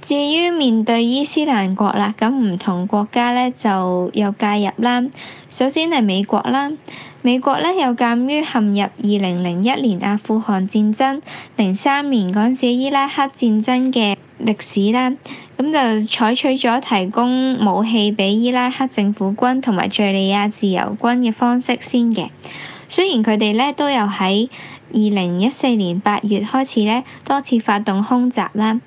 至於面對伊斯蘭國啦，咁唔同國家呢就有介入啦。首先係美國啦，美國呢有鑑於陷入二零零一年阿富汗戰爭、零三年嗰次伊拉克戰爭嘅歷史啦，咁就採取咗提供武器俾伊拉克政府軍同埋敘利亞自由軍嘅方式先嘅。雖然佢哋呢都有喺二零一四年八月開始呢多次發動空襲啦。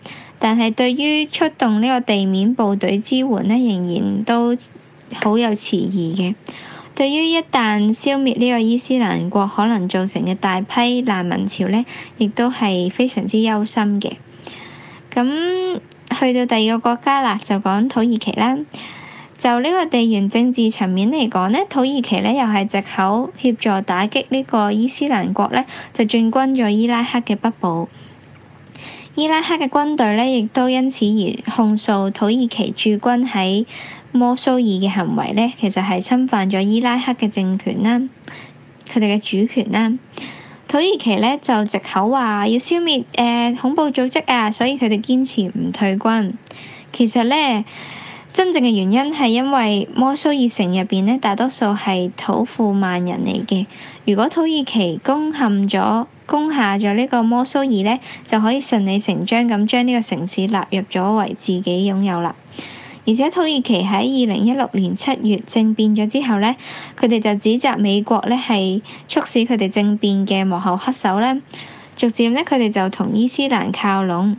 但係對於出動呢個地面部隊支援呢，仍然都好有遲疑嘅。對於一旦消滅呢個伊斯蘭國可能造成嘅大批難民潮呢，亦都係非常之憂心嘅。咁去到第二個國家啦，就講土耳其啦。就呢個地緣政治層面嚟講呢，土耳其呢又係藉口協助打擊呢個伊斯蘭國呢，就進軍咗伊拉克嘅北部。伊拉克嘅軍隊呢，亦都因此而控訴土耳其駐軍喺摩蘇爾嘅行為呢，其實係侵犯咗伊拉克嘅政權啦，佢哋嘅主權啦。土耳其呢，就藉口話要消滅誒、呃、恐怖組織啊，所以佢哋堅持唔退軍。其實呢，真正嘅原因係因為摩蘇爾城入邊呢，大多數係土庫曼人嚟嘅。如果土耳其攻陷咗，攻下咗呢個摩蘇爾呢，就可以順理成章咁將呢個城市納入咗為自己擁有啦。而且土耳其喺二零一六年七月政變咗之後呢，佢哋就指責美國呢係促使佢哋政變嘅幕後黑手咧。逐漸呢，佢哋就同伊斯蘭靠攏。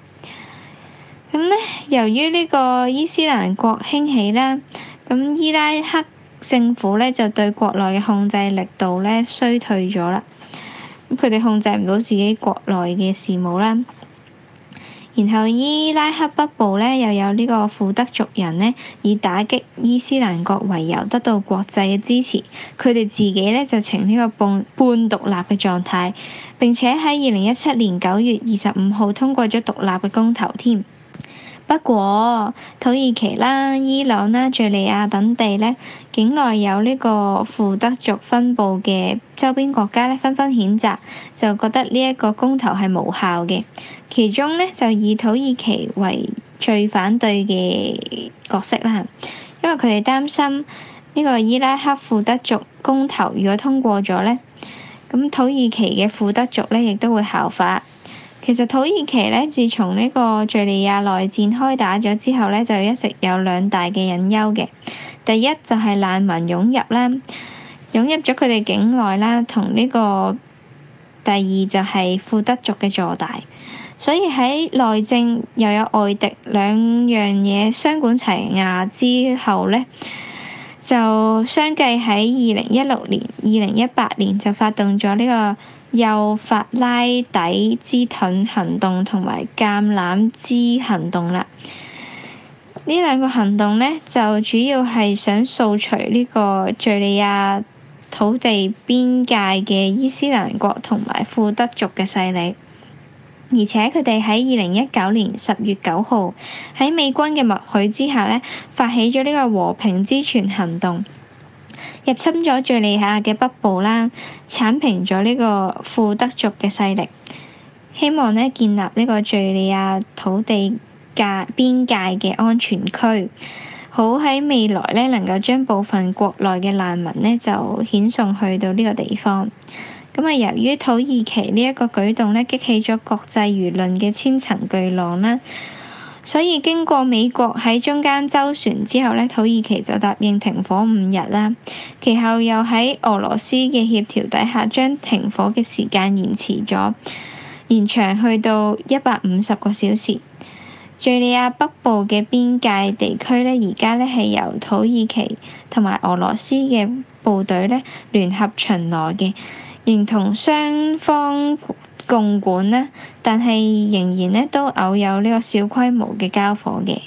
咁呢，由於呢個伊斯蘭國興起啦，咁伊拉克政府呢就對國內嘅控制力度呢衰退咗啦。佢哋控制唔到自己國內嘅事務啦，然後伊拉克北部呢又有呢個富德族人、庫德族人呢，以打擊伊斯蘭國為由得到國際嘅支持，佢哋自己呢就呈呢個半半獨立嘅狀態，並且喺二零一七年九月二十五號通過咗獨立嘅公投添。不過土耳其啦、伊朗啦、敘利亞等地咧，境內有呢個庫德族分布嘅周邊國家咧，紛紛譴責，就覺得呢一個公投係無效嘅。其中咧就以土耳其為最反對嘅角色啦，因為佢哋擔心呢個伊拉克庫德族公投如果通過咗咧，咁土耳其嘅庫德族咧亦都會效法。其實土耳其咧，自從呢個敍利亞內戰開打咗之後咧，就一直有兩大嘅隱憂嘅。第一就係難民湧入啦，湧入咗佢哋境內啦，同呢個；第二就係庫德族嘅坐大。所以喺內政又有外敵兩樣嘢雙管齊下之後咧。就相繼喺二零一六年、二零一八年就發動咗呢個幼發拉底之盾行動同埋橄欖枝行動啦。呢兩個行動呢，就主要係想掃除呢個敘利亞土地邊界嘅伊斯蘭國同埋庫德族嘅勢力。而且佢哋喺二零一九年十月九號喺美軍嘅默許之下咧，發起咗呢個和平之泉行動，入侵咗敘利亞嘅北部啦，剷平咗呢個庫德族嘅勢力，希望咧建立呢個敘利亞土地界邊界嘅安全區。好喺未來咧，能夠將部分國內嘅難民咧就遣送去到呢個地方。咁啊，由於土耳其呢一個舉動咧，激起咗國際輿論嘅千層巨浪啦，所以經過美國喺中間周旋之後咧，土耳其就答應停火五日啦。其後又喺俄羅斯嘅協調底下，將停火嘅時間延遲咗，延長去到一百五十個小時。敘利亞北部嘅邊界地區咧，而家咧係由土耳其同埋俄羅斯嘅部隊咧聯合巡邏嘅。仍同雙方共管呢，但係仍然呢都偶有呢個小規模嘅交火嘅。